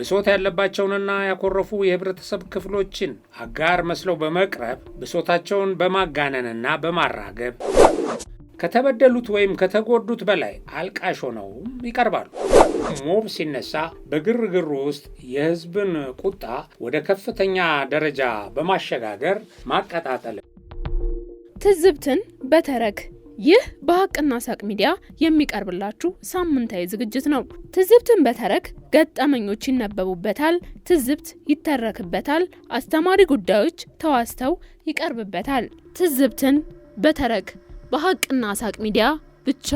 ብሶት ያለባቸውንና ያኮረፉ የህብረተሰብ ክፍሎችን አጋር መስለው በመቅረብ ብሶታቸውን በማጋነንና በማራገብ ከተበደሉት ወይም ከተጎዱት በላይ አልቃሽ ሆነውም ይቀርባሉ። ሞብ ሲነሳ በግርግሩ ውስጥ የህዝብን ቁጣ ወደ ከፍተኛ ደረጃ በማሸጋገር ማቀጣጠል ትዝብትን በተረክ ይህ በሀቅና ሳቅ ሚዲያ የሚቀርብላችሁ ሳምንታዊ ዝግጅት ነው። ትዝብትን በተረክ ገጠመኞች ይነበቡበታል፣ ትዝብት ይተረክበታል፣ አስተማሪ ጉዳዮች ተዋስተው ይቀርብበታል። ትዝብትን በተረክ በሀቅና ሳቅ ሚዲያ ብቻ።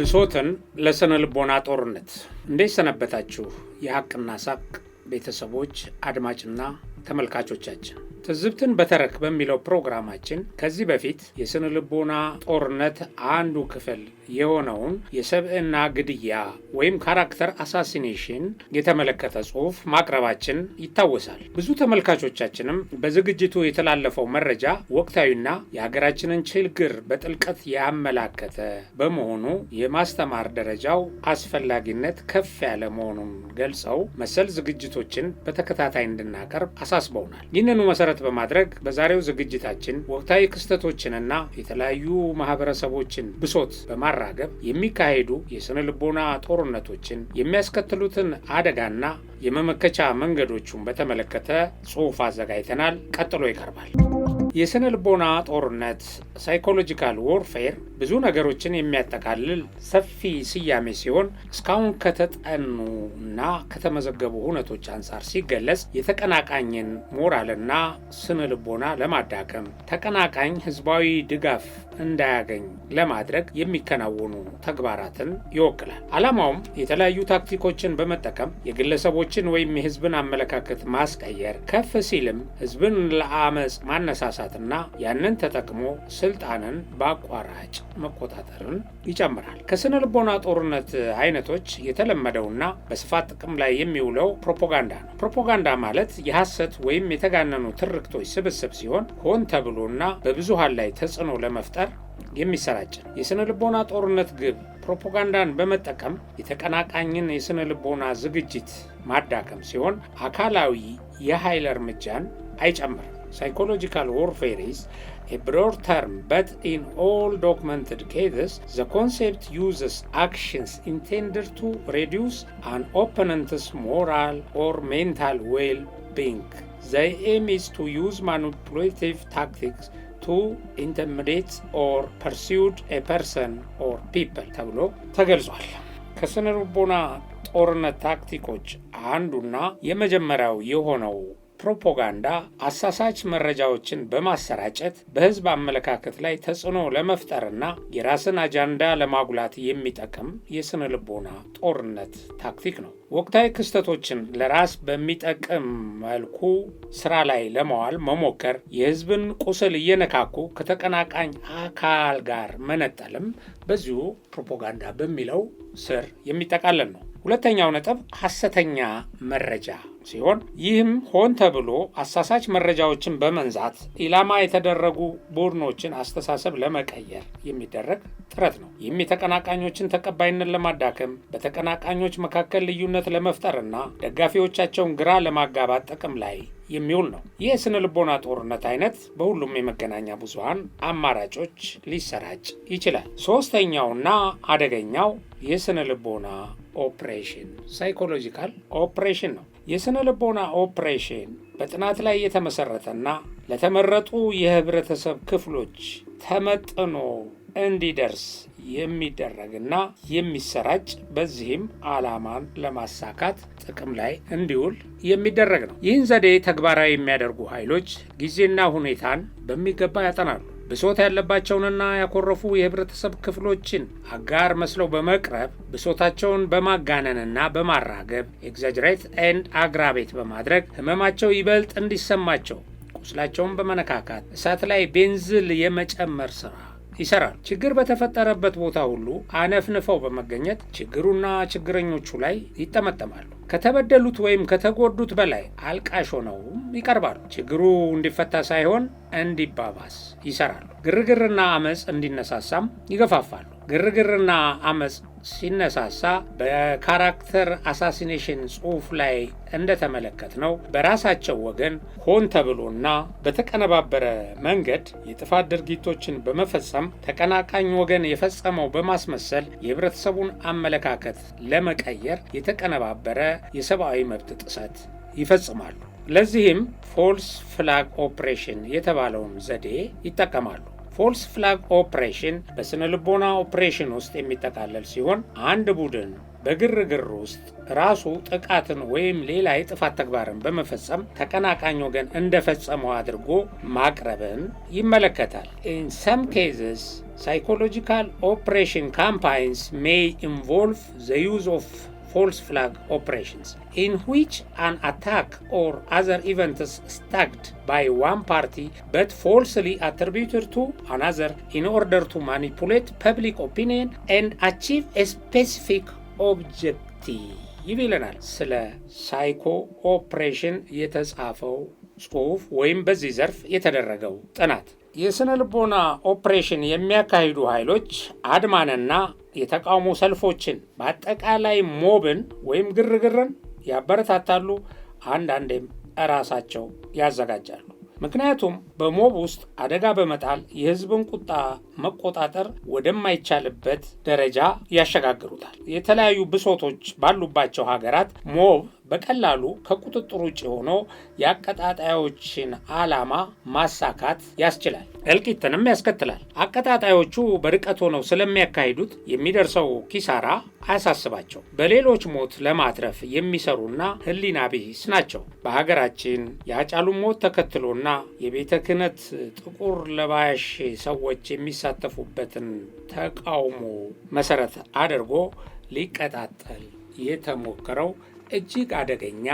ብሶትን ለስነ ልቦና ጦርነት። እንዴት ሰነበታችሁ? የሀቅና ሳቅ ቤተሰቦች አድማጭና ተመልካቾቻችን ትዝብትን በተረክ በሚለው ፕሮግራማችን ከዚህ በፊት የስነ ልቦና ጦርነት አንዱ ክፍል የሆነውን የሰብዕና ግድያ ወይም ካራክተር አሳሲኔሽን የተመለከተ ጽሑፍ ማቅረባችን ይታወሳል። ብዙ ተመልካቾቻችንም በዝግጅቱ የተላለፈው መረጃ ወቅታዊና የሀገራችንን ችግር በጥልቀት ያመላከተ በመሆኑ የማስተማር ደረጃው አስፈላጊነት ከፍ ያለ መሆኑን ገልጸው መሰል ዝግጅቶችን በተከታታይ እንድናቀርብ አሳስበውናል። ይህንኑ መሰረት መሰረት በማድረግ በዛሬው ዝግጅታችን ወቅታዊ ክስተቶችንና የተለያዩ ማህበረሰቦችን ብሶት በማራገብ የሚካሄዱ የስነ ልቦና ጦርነቶችን የሚያስከትሉትን አደጋና የመመከቻ መንገዶቹን በተመለከተ ጽሑፍ አዘጋጅተናል። ቀጥሎ ይቀርባል። የስነ ልቦና ጦርነት ሳይኮሎጂካል ዎርፌር ብዙ ነገሮችን የሚያጠቃልል ሰፊ ስያሜ ሲሆን እስካሁን ከተጠኑ ከተመዘገቡ ሁነቶች አንጻር ሲገለጽ የተቀናቃኝን ሞራልና ስነ ልቦና ለማዳከም ተቀናቃኝ ህዝባዊ ድጋፍ እንዳያገኝ ለማድረግ የሚከናወኑ ተግባራትን ይወክላል። ዓላማውም የተለያዩ ታክቲኮችን በመጠቀም የግለሰቦችን ወይም የህዝብን አመለካከት ማስቀየር፣ ከፍ ሲልም ህዝብን ለአመፅ ማነሳሳትና ያንን ተጠቅሞ ስልጣንን በአቋራጭ መቆጣጠርን ይጨምራል። ከስነ ልቦና ጦርነት አይነቶች የተለመደውና በስፋት ጥቅም ላይ የሚውለው ፕሮፓጋንዳ ነው። ፕሮፓጋንዳ ማለት የሐሰት ወይም የተጋነኑ ትርክቶች ስብስብ ሲሆን ሆን ተብሎና በብዙሃን ላይ ተጽዕኖ ለመፍጠር የሚሰራጭ ነው። የስነ ልቦና ጦርነት ግብ ፕሮፓጋንዳን በመጠቀም የተቀናቃኝን የስነ ልቦና ዝግጅት ማዳከም ሲሆን አካላዊ የኃይል እርምጃን አይጨምርም። ሳይኮሎጂካል ዎርፌሪስ a broad term, but in all documented cases, the concept uses actions intended to reduce an opponent's moral or mental well being. The aim is to use manipulative tactics to intimidate or pursue a person or people ተብሎ ተገልጿል። ከስነ ልቦና ጦርነት ታክቲኮች አንዱና የመጀመሪያው የሆነው ፕሮፓጋንዳ፣ አሳሳች መረጃዎችን በማሰራጨት በህዝብ አመለካከት ላይ ተጽዕኖ ለመፍጠርና የራስን አጃንዳ ለማጉላት የሚጠቅም የስነ ልቦና ጦርነት ታክቲክ ነው። ወቅታዊ ክስተቶችን ለራስ በሚጠቅም መልኩ ስራ ላይ ለማዋል መሞከር፣ የህዝብን ቁስል እየነካኩ ከተቀናቃኝ አካል ጋር መነጠልም በዚሁ ፕሮፓጋንዳ በሚለው ስር የሚጠቃለል ነው። ሁለተኛው ነጥብ ሐሰተኛ መረጃ ሲሆን ይህም ሆን ተብሎ አሳሳች መረጃዎችን በመንዛት ኢላማ የተደረጉ ቡድኖችን አስተሳሰብ ለመቀየር የሚደረግ ጥረት ነው። ይህም የተቀናቃኞችን ተቀባይነት ለማዳከም፣ በተቀናቃኞች መካከል ልዩነት ለመፍጠርና ደጋፊዎቻቸውን ግራ ለማጋባት ጥቅም ላይ የሚውል ነው። ይህ የስነ ልቦና ጦርነት አይነት በሁሉም የመገናኛ ብዙሃን አማራጮች ሊሰራጭ ይችላል። ሶስተኛውና አደገኛው የስነ ልቦና ኦፕሬሽን ሳይኮሎጂካል ኦፕሬሽን ነው። የሥነ ልቦና ኦፕሬሽን በጥናት ላይ የተመሠረተና ለተመረጡ የህብረተሰብ ክፍሎች ተመጥኖ እንዲደርስ የሚደረግና የሚሰራጭ በዚህም ዓላማን ለማሳካት ጥቅም ላይ እንዲውል የሚደረግ ነው። ይህን ዘዴ ተግባራዊ የሚያደርጉ ኃይሎች ጊዜና ሁኔታን በሚገባ ያጠናሉ። ብሶት ያለባቸውንና ያኮረፉ የህብረተሰብ ክፍሎችን አጋር መስለው በመቅረብ ብሶታቸውን በማጋነንና በማራገብ ኤግዛጅሬት ኤንድ አግራቤት በማድረግ ህመማቸው ይበልጥ እንዲሰማቸው ቁስላቸውን በመነካካት እሳት ላይ ቤንዝል የመጨመር ስራ ይሰራል። ችግር በተፈጠረበት ቦታ ሁሉ አነፍንፈው በመገኘት ችግሩና ችግረኞቹ ላይ ይጠመጠማሉ። ከተበደሉት ወይም ከተጎዱት በላይ አልቃሽ ሆነውም ይቀርባሉ። ችግሩ እንዲፈታ ሳይሆን እንዲባባስ ይሰራሉ። ግርግርና አመፅ እንዲነሳሳም ይገፋፋሉ። ግርግርና አመፅ ሲነሳሳ በካራክተር አሳሲኔሽን ጽሑፍ ላይ እንደተመለከት ነው በራሳቸው ወገን ሆን ተብሎና በተቀነባበረ መንገድ የጥፋት ድርጊቶችን በመፈጸም ተቀናቃኝ ወገን የፈጸመው በማስመሰል የህብረተሰቡን አመለካከት ለመቀየር የተቀነባበረ የሰብአዊ መብት ጥሰት ይፈጽማሉ። ለዚህም ፎልስ ፍላግ ኦፕሬሽን የተባለውን ዘዴ ይጠቀማሉ። ፎልስ ፍላግ ኦፕሬሽን በሥነ ልቦና ኦፕሬሽን ውስጥ የሚጠቃለል ሲሆን አንድ ቡድን በግርግር ውስጥ ራሱ ጥቃትን ወይም ሌላ የጥፋት ተግባርን በመፈጸም ተቀናቃኝ ወገን እንደፈጸመው አድርጎ ማቅረብን ይመለከታል። ኢን ሰም ኬዝስ ሳይኮሎጂካል ኦፕሬሽን ካምፓይንስ ሜይ ኢንቮልቭ ዘ ዩዝ ኦፍ false flag operations, in which an attack or other event is staged by one party but falsely attributed to another in order to manipulate public opinion and achieve a specific objective ይለናል። ስለ ሳይኮ ኦፕሬሽን የተጻፈው ጽሑፍ ወይም በዚህ ዘርፍ የተደረገው ጥናት የስነ ልቦና ኦፕሬሽን የሚያካሂዱ ኃይሎች አድማንና የተቃውሞ ሰልፎችን፣ በአጠቃላይ ሞብን ወይም ግርግርን ያበረታታሉ፣ አንዳንዴም እራሳቸው ያዘጋጃሉ። ምክንያቱም በሞብ ውስጥ አደጋ በመጣል የህዝብን ቁጣ መቆጣጠር ወደማይቻልበት ደረጃ ያሸጋግሩታል። የተለያዩ ብሶቶች ባሉባቸው ሀገራት ሞብ በቀላሉ ከቁጥጥር ውጭ ሆኖ የአቀጣጣዮችን ዓላማ ማሳካት ያስችላል፣ እልቂትንም ያስከትላል። አቀጣጣዮቹ በርቀት ሆነው ስለሚያካሂዱት የሚደርሰው ኪሳራ አያሳስባቸው። በሌሎች ሞት ለማትረፍ የሚሰሩና ሕሊና ቢስ ናቸው። በሀገራችን የአጫሉን ሞት ተከትሎና የቤተ ክህነት ጥቁር ለባሽ ሰዎች የሚሳተፉበትን ተቃውሞ መሰረት አድርጎ ሊቀጣጠል የተሞከረው እጅግ አደገኛ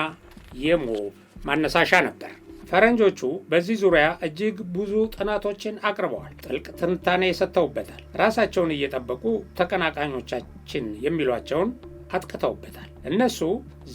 የሞብ ማነሳሻ ነበር። ፈረንጆቹ በዚህ ዙሪያ እጅግ ብዙ ጥናቶችን አቅርበዋል፣ ጥልቅ ትንታኔ ሰጥተውበታል። ራሳቸውን እየጠበቁ ተቀናቃኞቻችን የሚሏቸውን አጥቅተውበታል። እነሱ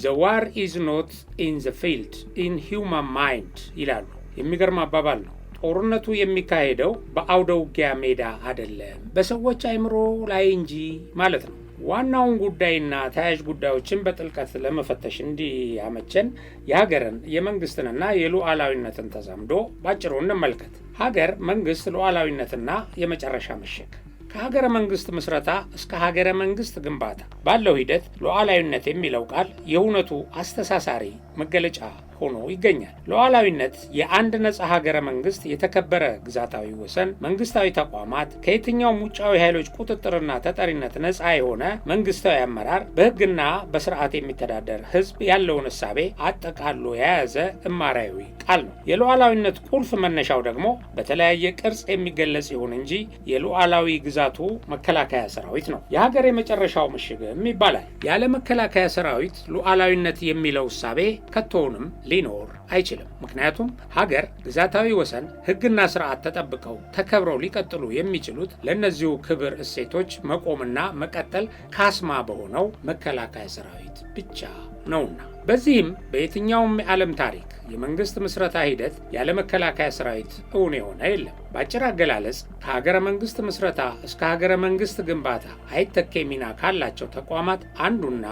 ዘ ዋር ኢዝ ኖት ኢን ዘ ፊልድ ኢን ሂውማን ማይንድ ይላሉ። የሚገርም አባባል ነው። ጦርነቱ የሚካሄደው በአውደውጊያ ሜዳ አይደለም፣ በሰዎች አይምሮ ላይ እንጂ ማለት ነው። ዋናውን ጉዳይና ተያያዥ ጉዳዮችን በጥልቀት ለመፈተሽ እንዲያመቸን የሀገርን የመንግስትንና የሉዓላዊነትን ተዛምዶ ባጭሩ እንመልከት። ሀገር መንግስት ሉዓላዊነትና የመጨረሻ ምሽግ ከሀገረ መንግስት ምስረታ እስከ ሀገረ መንግስት ግንባታ ባለው ሂደት ሉዓላዊነት የሚለው ቃል የእውነቱ አስተሳሳሪ መገለጫ ሆኖ ይገኛል። ሉዓላዊነት የአንድ ነጻ ሀገረ መንግስት የተከበረ ግዛታዊ ወሰን፣ መንግስታዊ ተቋማት፣ ከየትኛውም ውጫዊ ኃይሎች ቁጥጥርና ተጠሪነት ነጻ የሆነ መንግስታዊ አመራር፣ በህግና በስርዓት የሚተዳደር ህዝብ ያለውን እሳቤ አጠቃሎ የያዘ እማራዊ ቃል ነው። የሉዓላዊነት ቁልፍ መነሻው ደግሞ በተለያየ ቅርጽ የሚገለጽ ይሁን እንጂ የሉዓላዊ ግዛቱ መከላከያ ሰራዊት ነው። የሀገር የመጨረሻው ምሽግም ይባላል። ያለ መከላከያ ሰራዊት ሉዓላዊነት የሚለው እሳቤ ከቶውንም ሊኖር አይችልም። ምክንያቱም ሀገር፣ ግዛታዊ ወሰን፣ ህግና ስርዓት ተጠብቀው ተከብረው ሊቀጥሉ የሚችሉት ለእነዚሁ ክብር እሴቶች መቆምና መቀጠል ካስማ በሆነው መከላከያ ሰራዊት ብቻ ነውና። በዚህም በየትኛውም የዓለም ታሪክ የመንግስት ምስረታ ሂደት ያለ መከላከያ ሰራዊት እውን የሆነ የለም። በአጭር አገላለጽ ከሀገረ መንግስት ምስረታ እስከ ሀገረ መንግስት ግንባታ አይተኬ ሚና ካላቸው ተቋማት አንዱና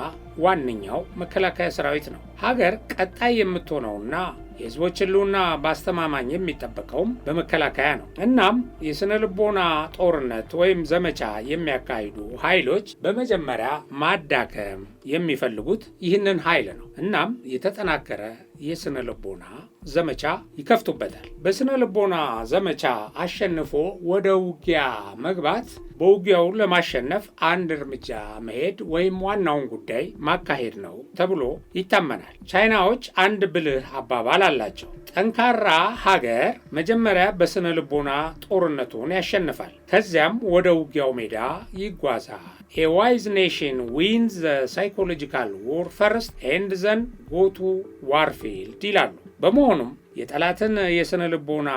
ዋነኛው መከላከያ ሰራዊት ነው። ሀገር ቀጣይ የምትሆነውና የህዝቦች ህልውና በአስተማማኝ የሚጠበቀውም በመከላከያ ነው። እናም የስነ ልቦና ጦርነት ወይም ዘመቻ የሚያካሂዱ ኃይሎች በመጀመሪያ ማዳከም የሚፈልጉት ይህንን ኃይል ነው። እናም የተጠናከረ የስነ ልቦና ዘመቻ ይከፍቱበታል። በስነ ልቦና ዘመቻ አሸንፎ ወደ ውጊያ መግባት በውጊያው ለማሸነፍ አንድ እርምጃ መሄድ ወይም ዋናውን ጉዳይ ማካሄድ ነው ተብሎ ይታመናል። ቻይናዎች አንድ ብልህ አባባል አላቸው። ጠንካራ ሀገር መጀመሪያ በስነ ልቦና ጦርነቱን ያሸንፋል፣ ከዚያም ወደ ውጊያው ሜዳ ይጓዛል። ኤ ዋይዝ ኔሽን ዊንዝ ሳይኮሎጂካል ዎርፈርስ ኤንድ ዘን ጎቱ ዋርፊልድ ይላሉ። በመሆኑም የጠላትን የሥነ ልቦና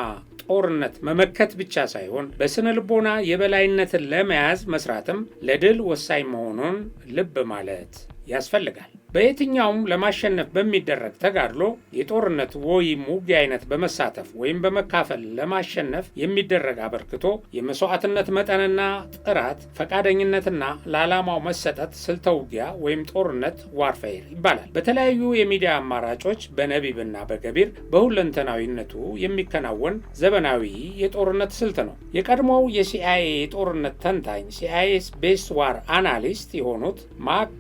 ጦርነት መመከት ብቻ ሳይሆን በሥነ ልቦና የበላይነትን ለመያዝ መስራትም ለድል ወሳኝ መሆኑን ልብ ማለት ያስፈልጋል። በየትኛውም ለማሸነፍ በሚደረግ ተጋድሎ የጦርነት ወይም ውጊያ አይነት በመሳተፍ ወይም በመካፈል ለማሸነፍ የሚደረግ አበርክቶ የመስዋዕትነት መጠንና ጥራት፣ ፈቃደኝነትና ለዓላማው መሰጠት ስልተ ውጊያ ወይም ጦርነት ዋርፌር ይባላል። በተለያዩ የሚዲያ አማራጮች በነቢብና በገቢር በሁለንተናዊነቱ የሚከናወን ዘመናዊ የጦርነት ስልት ነው። የቀድሞው የሲአይኤ የጦርነት ተንታኝ ሲአይኤስ ቤስ ዋር አናሊስት የሆኑት ማክ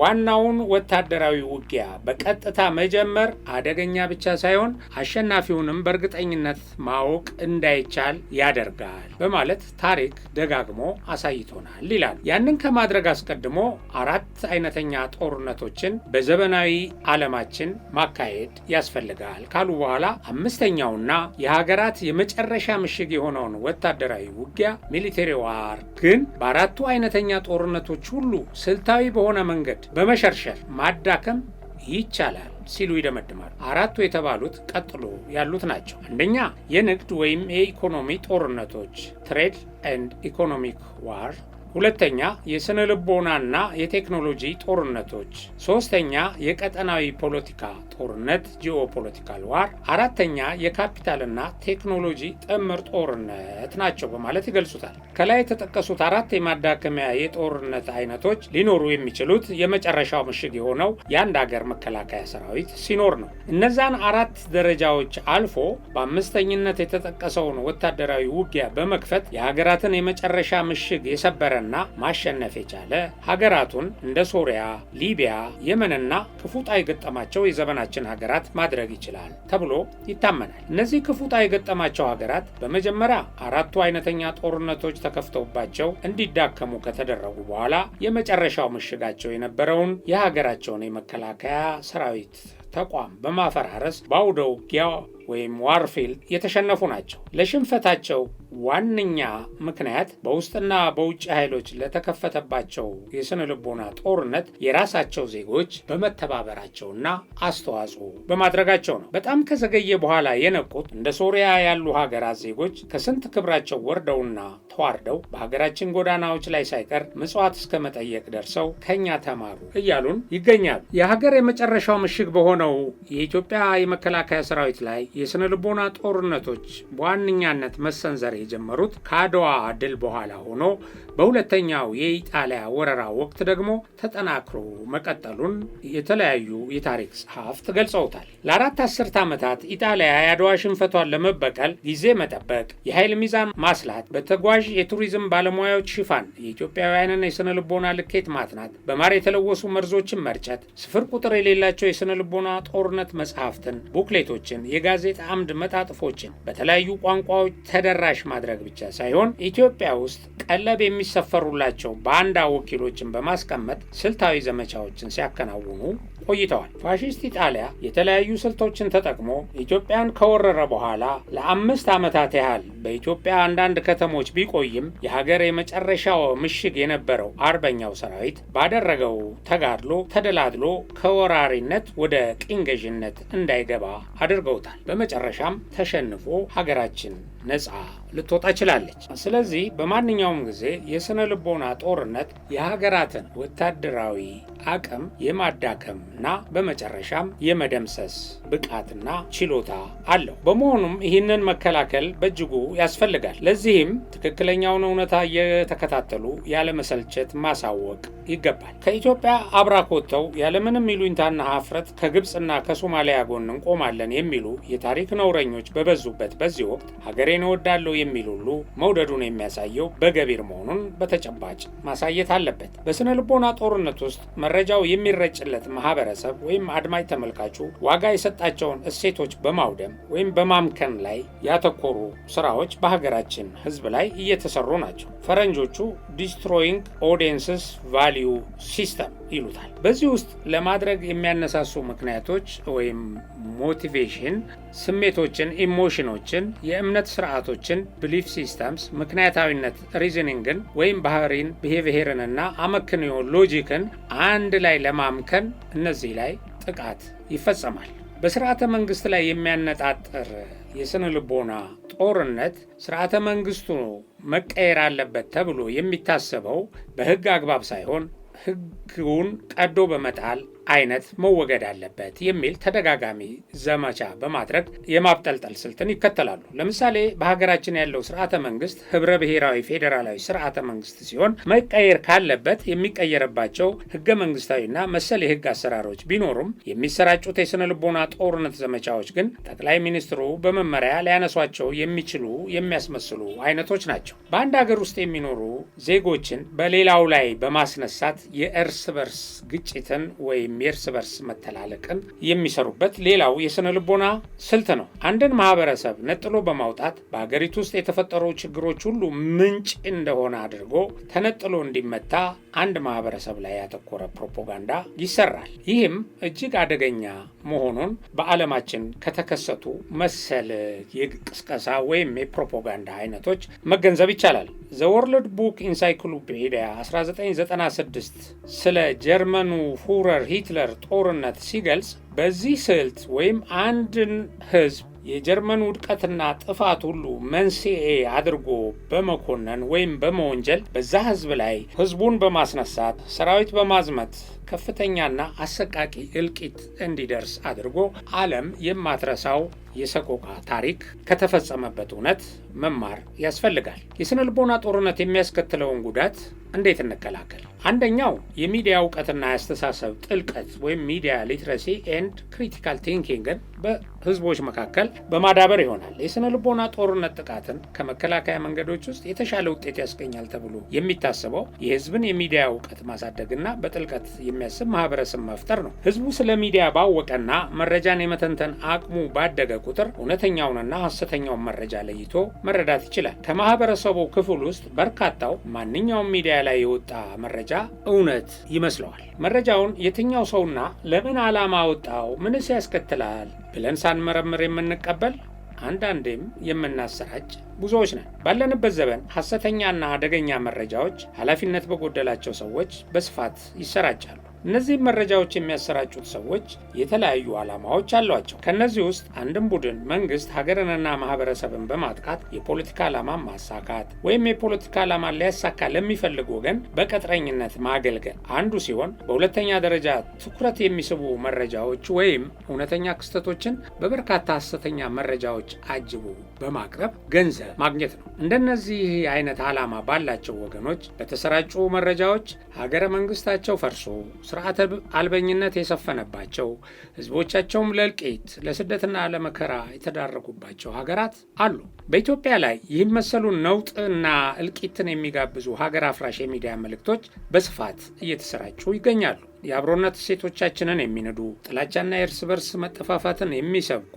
ዋናውን ወታደራዊ ውጊያ በቀጥታ መጀመር አደገኛ ብቻ ሳይሆን አሸናፊውንም በእርግጠኝነት ማወቅ እንዳይቻል ያደርጋል በማለት ታሪክ ደጋግሞ አሳይቶናል ይላል። ያንን ከማድረግ አስቀድሞ አራት አይነተኛ ጦርነቶችን በዘመናዊ ዓለማችን ማካሄድ ያስፈልጋል ካሉ በኋላ አምስተኛውና የሀገራት የመጨረሻ ምሽግ የሆነውን ወታደራዊ ውጊያ ሚሊቴሪ ዋር ግን በአራቱ አይነተኛ ጦርነቶች ሁሉ ስልታዊ በሆነ መንገድ በመሸርሸር ማዳከም ይቻላል ሲሉ ይደመድማሉ። አራቱ የተባሉት ቀጥሎ ያሉት ናቸው። አንደኛ የንግድ ወይም የኢኮኖሚ ጦርነቶች ትሬድ ኤንድ ኢኮኖሚክ ዋር ሁለተኛ የስነ ልቦናና የቴክኖሎጂ ጦርነቶች፣ ሶስተኛ የቀጠናዊ ፖለቲካ ጦርነት ጂኦፖለቲካል ዋር፣ አራተኛ የካፒታልና ቴክኖሎጂ ጥምር ጦርነት ናቸው በማለት ይገልጹታል። ከላይ የተጠቀሱት አራት የማዳከሚያ የጦርነት አይነቶች ሊኖሩ የሚችሉት የመጨረሻው ምሽግ የሆነው የአንድ ሀገር መከላከያ ሰራዊት ሲኖር ነው። እነዛን አራት ደረጃዎች አልፎ በአምስተኝነት የተጠቀሰውን ወታደራዊ ውጊያ በመክፈት የሀገራትን የመጨረሻ ምሽግ የሰበረ መረና ማሸነፍ የቻለ ሀገራቱን እንደ ሶሪያ፣ ሊቢያ፣ የመንና ክፉጣ የገጠማቸው የዘመናችን ሀገራት ማድረግ ይችላል ተብሎ ይታመናል። እነዚህ ክፉጣ የገጠማቸው ሀገራት በመጀመሪያ አራቱ አይነተኛ ጦርነቶች ተከፍተውባቸው እንዲዳከሙ ከተደረጉ በኋላ የመጨረሻው ምሽጋቸው የነበረውን የሀገራቸውን የመከላከያ ሰራዊት ተቋም በማፈራረስ በአውደ ውጊያው ወይም ዋርፊልድ የተሸነፉ ናቸው። ለሽንፈታቸው ዋነኛ ምክንያት በውስጥና በውጭ ኃይሎች ለተከፈተባቸው የስነ ልቦና ጦርነት የራሳቸው ዜጎች በመተባበራቸውና አስተዋጽኦ በማድረጋቸው ነው። በጣም ከዘገየ በኋላ የነቁት እንደ ሶሪያ ያሉ ሀገራት ዜጎች ከስንት ክብራቸው ወርደውና ተዋርደው በሀገራችን ጎዳናዎች ላይ ሳይቀር ምጽዋት እስከ መጠየቅ ደርሰው ከኛ ተማሩ እያሉን ይገኛሉ። የሀገር የመጨረሻው ምሽግ በሆነው የኢትዮጵያ የመከላከያ ሰራዊት ላይ የሥነ ልቦና ጦርነቶች በዋነኛነት መሰንዘር የጀመሩት ከአድዋ ድል በኋላ ሆኖ በሁለተኛው የኢጣሊያ ወረራ ወቅት ደግሞ ተጠናክሮ መቀጠሉን የተለያዩ የታሪክ ጸሐፍት ገልጸውታል። ለአራት አስርት ዓመታት ኢጣሊያ የአድዋ ሽንፈቷን ለመበቀል ጊዜ መጠበቅ፣ የኃይል ሚዛን ማስላት፣ በተጓዥ የቱሪዝም ባለሙያዎች ሽፋን የኢትዮጵያውያንን የሥነ ልቦና ልኬት ማጥናት፣ በማር የተለወሱ መርዞችን መርጨት፣ ስፍር ቁጥር የሌላቸው የሥነ ልቦና ጦርነት መጽሐፍትን፣ ቡክሌቶችን፣ የጋዜጣ አምድ መጣጥፎችን በተለያዩ ቋንቋዎች ተደራሽ ማድረግ ብቻ ሳይሆን ኢትዮጵያ ውስጥ ቀለብ የሚ የሚሰፈሩላቸው ባንዳ ወኪሎችን በማስቀመጥ ስልታዊ ዘመቻዎችን ሲያከናውኑ ቆይተዋል። ፋሽስት ኢጣሊያ የተለያዩ ስልቶችን ተጠቅሞ ኢትዮጵያን ከወረረ በኋላ ለአምስት ዓመታት ያህል በኢትዮጵያ አንዳንድ ከተሞች ቢቆይም የሀገር የመጨረሻው ምሽግ የነበረው አርበኛው ሰራዊት ባደረገው ተጋድሎ ተደላድሎ ከወራሪነት ወደ ቅኝ ገዥነት እንዳይገባ አድርገውታል። በመጨረሻም ተሸንፎ ሀገራችን ነፃ ልትወጣ ችላለች። ስለዚህ በማንኛውም ጊዜ የስነ ልቦና ጦርነት የሀገራትን ወታደራዊ አቅም የማዳከምና በመጨረሻም የመደምሰስ ብቃትና ችሎታ አለው። በመሆኑም ይህንን መከላከል በእጅጉ ያስፈልጋል። ለዚህም ትክክለኛውን እውነታ እየተከታተሉ ያለመሰልቸት ማሳወቅ ይገባል። ከኢትዮጵያ አብራክ ወጥተው ያለምንም ይሉኝታና ሀፍረት ከግብፅና ከሶማሊያ ጎን እንቆማለን የሚሉ የታሪክ ነውረኞች በበዙበት በዚህ ወቅት ሀገሬ ሀገሬን እወዳለሁ የሚል ሁሉ መውደዱን የሚያሳየው በገቢር መሆኑን በተጨባጭ ማሳየት አለበት። በስነ ልቦና ጦርነት ውስጥ መረጃው የሚረጭለት ማህበረሰብ ወይም አድማጭ ተመልካቹ ዋጋ የሰጣቸውን እሴቶች በማውደም ወይም በማምከን ላይ ያተኮሩ ስራዎች በሀገራችን ህዝብ ላይ እየተሰሩ ናቸው። ፈረንጆቹ ዲስትሮይንግ ኦዲየንስስ ቫሊዩ ሲስተም ይሉታል። በዚህ ውስጥ ለማድረግ የሚያነሳሱ ምክንያቶች ወይም ሞቲቬሽን ስሜቶችን፣ ኢሞሽኖችን፣ የእምነት ስርዓቶችን ብሊፍ ሲስተምስ፣ ምክንያታዊነት ሪዝኒንግን ወይም ባህሪን ብሄብሄርንና አመክንዮ ሎጂክን አንድ ላይ ለማምከን እነዚህ ላይ ጥቃት ይፈጸማል። በስርዓተ መንግስት ላይ የሚያነጣጥር የስነ ልቦና ጦርነት ስርዓተ መንግስቱ መቀየር አለበት ተብሎ የሚታሰበው በህግ አግባብ ሳይሆን ህጉን ቀዶ በመጣል አይነት መወገድ አለበት የሚል ተደጋጋሚ ዘመቻ በማድረግ የማብጠልጠል ስልትን ይከተላሉ። ለምሳሌ በሀገራችን ያለው ስርዓተ መንግስት ህብረ ብሔራዊ ፌዴራላዊ ስርዓተ መንግስት ሲሆን መቀየር ካለበት የሚቀየርባቸው ህገ መንግስታዊና መሰል የህግ አሰራሮች ቢኖሩም የሚሰራጩት የስነ ልቦና ጦርነት ዘመቻዎች ግን ጠቅላይ ሚኒስትሩ በመመሪያ ሊያነሷቸው የሚችሉ የሚያስመስሉ አይነቶች ናቸው። በአንድ ሀገር ውስጥ የሚኖሩ ዜጎችን በሌላው ላይ በማስነሳት የእርስ በርስ ግጭትን ወይም ወይም የእርስ በርስ መተላለቅን የሚሰሩበት ሌላው የሥነ ልቦና ስልት ነው። አንድን ማህበረሰብ ነጥሎ በማውጣት በሀገሪቱ ውስጥ የተፈጠሩ ችግሮች ሁሉ ምንጭ እንደሆነ አድርጎ ተነጥሎ እንዲመታ አንድ ማህበረሰብ ላይ ያተኮረ ፕሮፓጋንዳ ይሰራል። ይህም እጅግ አደገኛ መሆኑን በዓለማችን ከተከሰቱ መሰል የቅስቀሳ ወይም የፕሮፓጋንዳ አይነቶች መገንዘብ ይቻላል። ዘ ወርልድ ቡክ ኢንሳይክሎፔዲያ 1996 ስለ ጀርመኑ ፉረር ሂት ሂትለር ጦርነት ሲገልጽ በዚህ ስልት ወይም አንድን ህዝብ የጀርመን ውድቀትና ጥፋት ሁሉ መንስኤ አድርጎ በመኮነን ወይም በመወንጀል በዛ ህዝብ ላይ ህዝቡን በማስነሳት ሰራዊት በማዝመት ከፍተኛና አሰቃቂ እልቂት እንዲደርስ አድርጎ ዓለም የማትረሳው የሰቆቃ ታሪክ ከተፈጸመበት እውነት መማር ያስፈልጋል። የስነ ልቦና ጦርነት የሚያስከትለውን ጉዳት እንዴት እንከላከል? አንደኛው የሚዲያ እውቀትና የአስተሳሰብ ጥልቀት ወይም ሚዲያ ሊትረሲ ኤንድ ክሪቲካል ቲንኪንግን በህዝቦች መካከል በማዳበር ይሆናል። የስነ ልቦና ጦርነት ጥቃትን ከመከላከያ መንገዶች ውስጥ የተሻለ ውጤት ያስገኛል ተብሎ የሚታሰበው የህዝብን የሚዲያ እውቀት ማሳደግና በጥልቀት የሚያስብ ማህበረሰብ መፍጠር ነው። ህዝቡ ስለ ሚዲያ ባወቀና መረጃን የመተንተን አቅሙ ባደገ ቁጥር እውነተኛውንና ሐሰተኛውን መረጃ ለይቶ መረዳት ይችላል። ከማህበረሰቡ ክፍል ውስጥ በርካታው ማንኛውም ሚዲያ ላይ የወጣ መረጃ እውነት ይመስለዋል። መረጃውን የትኛው ሰውና ለምን ዓላማ ወጣው፣ ምንስ ያስከትላል ብለን ሳንመረምር የምንቀበል አንዳንዴም የምናሰራጭ ብዙዎች ነን። ባለንበት ዘመን ሐሰተኛና አደገኛ መረጃዎች ኃላፊነት በጎደላቸው ሰዎች በስፋት ይሰራጫሉ። እነዚህ መረጃዎች የሚያሰራጩት ሰዎች የተለያዩ ዓላማዎች አሏቸው። ከእነዚህ ውስጥ አንድም ቡድን መንግስት ሀገርንና ማህበረሰብን በማጥቃት የፖለቲካ ዓላማ ማሳካት ወይም የፖለቲካ ዓላማ ሊያሳካ ለሚፈልግ ወገን በቀጥረኝነት ማገልገል አንዱ ሲሆን፣ በሁለተኛ ደረጃ ትኩረት የሚስቡ መረጃዎች ወይም እውነተኛ ክስተቶችን በበርካታ ሀሰተኛ መረጃዎች አጅቡ በማቅረብ ገንዘብ ማግኘት ነው። እንደነዚህ አይነት ዓላማ ባላቸው ወገኖች በተሰራጩ መረጃዎች ሀገረ መንግስታቸው ፈርሶ ስርዓተ አልበኝነት የሰፈነባቸው ህዝቦቻቸውም ለእልቂት ለስደትና ለመከራ የተዳረጉባቸው ሀገራት አሉ። በኢትዮጵያ ላይ ይህም መሰሉ ነውጥና እልቂትን የሚጋብዙ ሀገር አፍራሽ የሚዲያ መልእክቶች በስፋት እየተሰራጩ ይገኛሉ። የአብሮነት እሴቶቻችንን የሚንዱ ጥላቻና የእርስ በርስ መጠፋፋትን የሚሰብኩ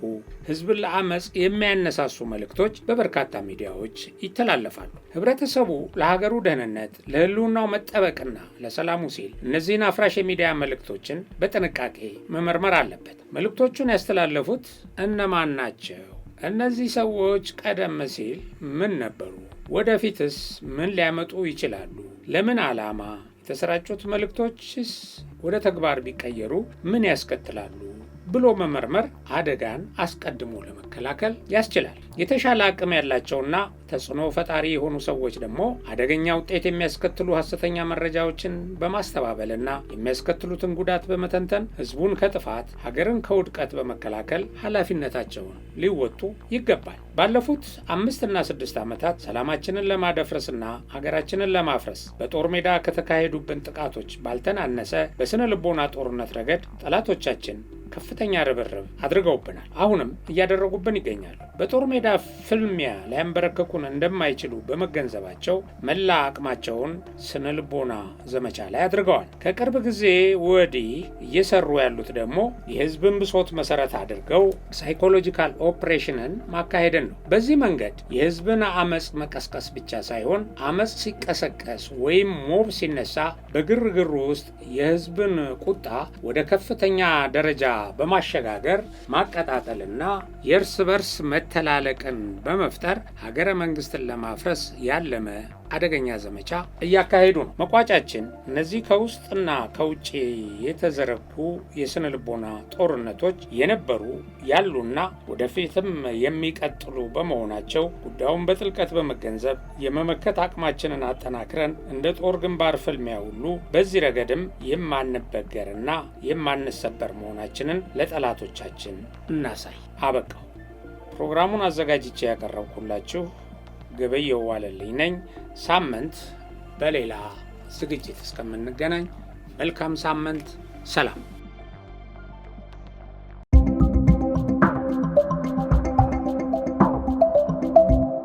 ህዝብን ለአመፅ የሚያነሳሱ መልእክቶች በበርካታ ሚዲያዎች ይተላለፋሉ። ህብረተሰቡ ለሀገሩ ደህንነት፣ ለህልውናው መጠበቅና ለሰላሙ ሲል እነዚህን አፍራሽ የሚዲያ መልእክቶችን በጥንቃቄ መመርመር አለበት። መልእክቶቹን ያስተላለፉት እነማን ናቸው? እነዚህ ሰዎች ቀደም ሲል ምን ነበሩ? ወደፊትስ ምን ሊያመጡ ይችላሉ? ለምን ዓላማ የተሰራጩት መልእክቶችስ ወደ ተግባር ቢቀየሩ ምን ያስከትላሉ ብሎ መመርመር አደጋን አስቀድሞ ለመከላከል ያስችላል። የተሻለ አቅም ያላቸውና ተጽዕኖ ፈጣሪ የሆኑ ሰዎች ደግሞ አደገኛ ውጤት የሚያስከትሉ ሐሰተኛ መረጃዎችን በማስተባበልና የሚያስከትሉትን ጉዳት በመተንተን ሕዝቡን ከጥፋት ሀገርን ከውድቀት በመከላከል ኃላፊነታቸውን ሊወጡ ይገባል። ባለፉት አምስትና ስድስት ዓመታት ሰላማችንን ለማደፍረስና ሀገራችንን ለማፍረስ በጦር ሜዳ ከተካሄዱብን ጥቃቶች ባልተናነሰ በስነ ልቦና ጦርነት ረገድ ጠላቶቻችን ከፍተኛ ርብርብ አድርገውብናል፣ አሁንም እያደረጉብን ይገኛሉ። በጦር ሜዳ ፍልሚያ ሊያንበረከኩን እንደማይችሉ በመገንዘባቸው መላ አቅማቸውን ስነ ልቦና ዘመቻ ላይ አድርገዋል። ከቅርብ ጊዜ ወዲህ እየሰሩ ያሉት ደግሞ የህዝብን ብሶት መሰረት አድርገው ሳይኮሎጂካል ኦፕሬሽንን ማካሄድን ነው። በዚህ መንገድ የህዝብን አመፅ መቀስቀስ ብቻ ሳይሆን አመፅ ሲቀሰቀስ ወይም ሞብ ሲነሳ በግርግሩ ውስጥ የህዝብን ቁጣ ወደ ከፍተኛ ደረጃ በማሸጋገር ማቀጣጠልና የእርስ በርስ መተላለቅን በመፍጠር ሀገረ መንግስትን ለማፍረስ ያለመ አደገኛ ዘመቻ እያካሄዱ ነው። መቋጫችን እነዚህ ከውስጥና ከውጭ የተዘረጉ የስነ ልቦና ጦርነቶች የነበሩ ያሉና ወደፊትም የሚቀጥሉ በመሆናቸው ጉዳዩን በጥልቀት በመገንዘብ የመመከት አቅማችንን አጠናክረን እንደ ጦር ግንባር ፍልሚያ ሁሉ በዚህ ረገድም የማንበገርና የማንሰበር መሆናችንን ለጠላቶቻችን እናሳይ። አበቃው። ፕሮግራሙን አዘጋጅቼ ያቀረብኩላችሁ ገበየው ዋለልኝ ነኝ። ሳምንት በሌላ ዝግጅት እስከምንገናኝ መልካም ሳምንት፣ ሰላም።